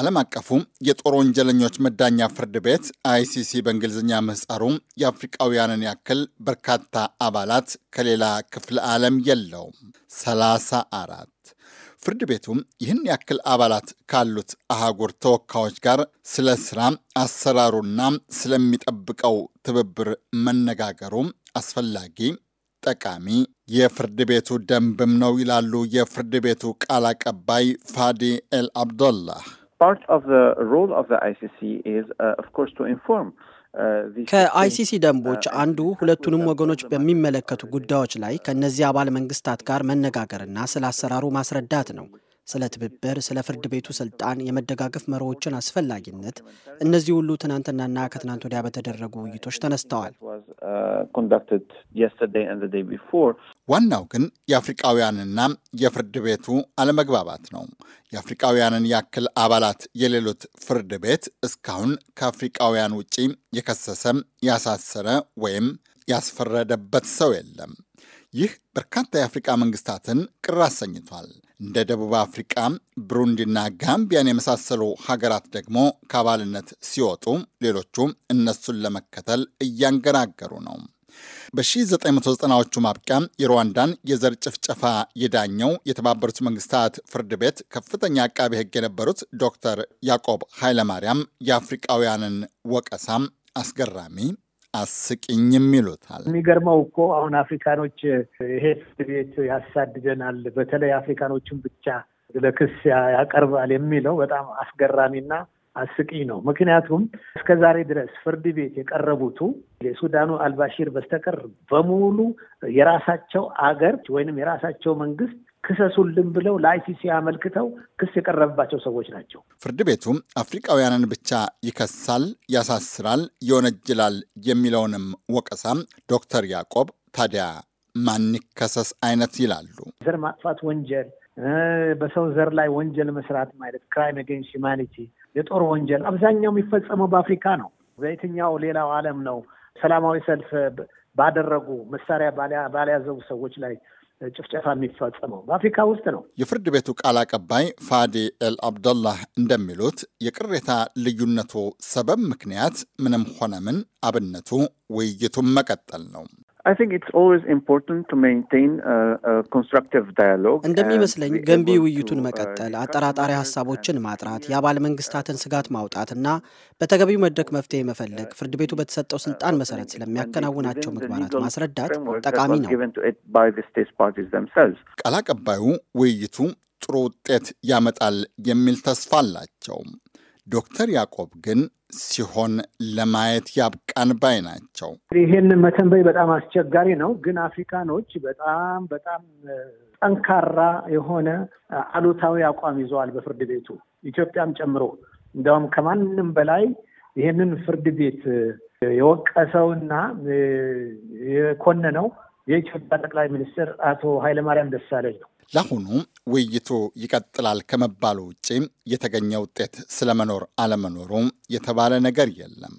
ዓለም አቀፉ የጦር ወንጀለኞች መዳኛ ፍርድ ቤት አይሲሲ በእንግሊዝኛ ምህጻሩ የአፍሪቃውያንን ያክል በርካታ አባላት ከሌላ ክፍለ ዓለም የለውም። 34 ፍርድ ቤቱም ይህን ያክል አባላት ካሉት አህጉር ተወካዮች ጋር ስለ ስራ አሰራሩና ስለሚጠብቀው ትብብር መነጋገሩ አስፈላጊ ጠቃሚ የፍርድ ቤቱ ደንብም ነው ይላሉ የፍርድ ቤቱ ቃል አቀባይ ፋዲ ኤል አብዶላህ። part of the role of the ICC is, uh, of course, to inform. ከአይሲሲ uh, ደንቦች uh, አንዱ ሁለቱንም ወገኖች በሚመለከቱ ጉዳዮች ላይ ከእነዚህ አባል መንግስታት ጋር መነጋገርና ስለ አሰራሩ ማስረዳት ነው። ስለ ትብብር፣ ስለ ፍርድ ቤቱ ስልጣን፣ የመደጋገፍ መርሆችን አስፈላጊነት፣ እነዚህ ሁሉ ትናንትናና ከትናንት ወዲያ በተደረጉ ውይይቶች ተነስተዋል። ዋናው ግን የአፍሪቃውያንና የፍርድ ቤቱ አለመግባባት ነው። የአፍሪቃውያንን ያክል አባላት የሌሉት ፍርድ ቤት እስካሁን ከአፍሪቃውያን ውጪ የከሰሰ ያሳሰረ ወይም ያስፈረደበት ሰው የለም። ይህ በርካታ የአፍሪቃ መንግስታትን ቅር አሰኝቷል። እንደ ደቡብ አፍሪቃ፣ ብሩንዲና ጋምቢያን የመሳሰሉ ሀገራት ደግሞ ከአባልነት ሲወጡ ሌሎቹ እነሱን ለመከተል እያንገራገሩ ነው። በ1990ዎቹ ማብቂያ የሩዋንዳን የዘር ጭፍጨፋ የዳኘው የተባበሩት መንግስታት ፍርድ ቤት ከፍተኛ አቃቢ ሕግ የነበሩት ዶክተር ያዕቆብ ኃይለማርያም የአፍሪቃውያንን ወቀሳም አስገራሚ አስቂኝ ይሉታል። የሚገርመው እኮ አሁን አፍሪካኖች ይሄ ፍርድ ቤት ያሳድደናል፣ በተለይ አፍሪካኖችን ብቻ ለክስ ያቀርባል የሚለው በጣም አስገራሚና አስቂኝ ነው። ምክንያቱም እስከ ዛሬ ድረስ ፍርድ ቤት የቀረቡቱ የሱዳኑ አልባሺር በስተቀር በሙሉ የራሳቸው አገር ወይንም የራሳቸው መንግስት ክሰሱልን ብለው ለአይሲሲ አመልክተው ክስ የቀረበባቸው ሰዎች ናቸው። ፍርድ ቤቱም አፍሪቃውያንን ብቻ ይከሳል፣ ያሳስራል፣ ይወነጅላል የሚለውንም ወቀሳም ዶክተር ያዕቆብ ታዲያ ማን ይከሰስ አይነት ይላሉ። ዘር ማጥፋት ወንጀል፣ በሰው ዘር ላይ ወንጀል መስራት ማለት ክራይም አጌንስት ሂውማኒቲ፣ የጦር ወንጀል አብዛኛው የሚፈጸመው በአፍሪካ ነው። በየትኛው ሌላው ዓለም ነው ሰላማዊ ሰልፍ ባደረጉ መሳሪያ ባልያዘቡ ሰዎች ላይ ጭፍጨፋ የሚፈጸመው በአፍሪካ ውስጥ ነው። የፍርድ ቤቱ ቃል አቀባይ ፋዲ ኤል አብደላህ እንደሚሉት የቅሬታ ልዩነቱ ሰበብ ምክንያት ምንም ሆነ ምን አብነቱ ውይይቱን መቀጠል ነው። እንደሚመስለኝ ገንቢ ውይይቱን uh, መቀጠል፣ አጠራጣሪ ሀሳቦችን ማጥራት፣ የአባል መንግስታትን ስጋት ማውጣት እና በተገቢው መድረክ መፍትሄ መፈለግ ፍርድ ቤቱ በተሰጠው ስልጣን uh, መሰረት ስለሚያከናውናቸው ምግባራት ማስረዳት ጠቃሚ ነው። ቃል አቀባዩ ውይይቱ ጥሩ ውጤት ያመጣል የሚል ተስፋ አላቸው። ዶክተር ያዕቆብ ግን ሲሆን ለማየት ያብቃን ባይ ናቸው። ይህን መተንበይ በጣም አስቸጋሪ ነው፣ ግን አፍሪካኖች በጣም በጣም ጠንካራ የሆነ አሉታዊ አቋም ይዘዋል በፍርድ ቤቱ ኢትዮጵያም ጨምሮ። እንዲያውም ከማንም በላይ ይህንን ፍርድ ቤት የወቀሰውና የኮነነው የኢትዮጵያ ጠቅላይ ሚኒስትር አቶ ኃይለማርያም ደሳለኝ ነው። ለአሁኑ ውይይቱ ይቀጥላል ከመባሉ ውጪ የተገኘ ውጤት ስለመኖር አለመኖሩ የተባለ ነገር የለም።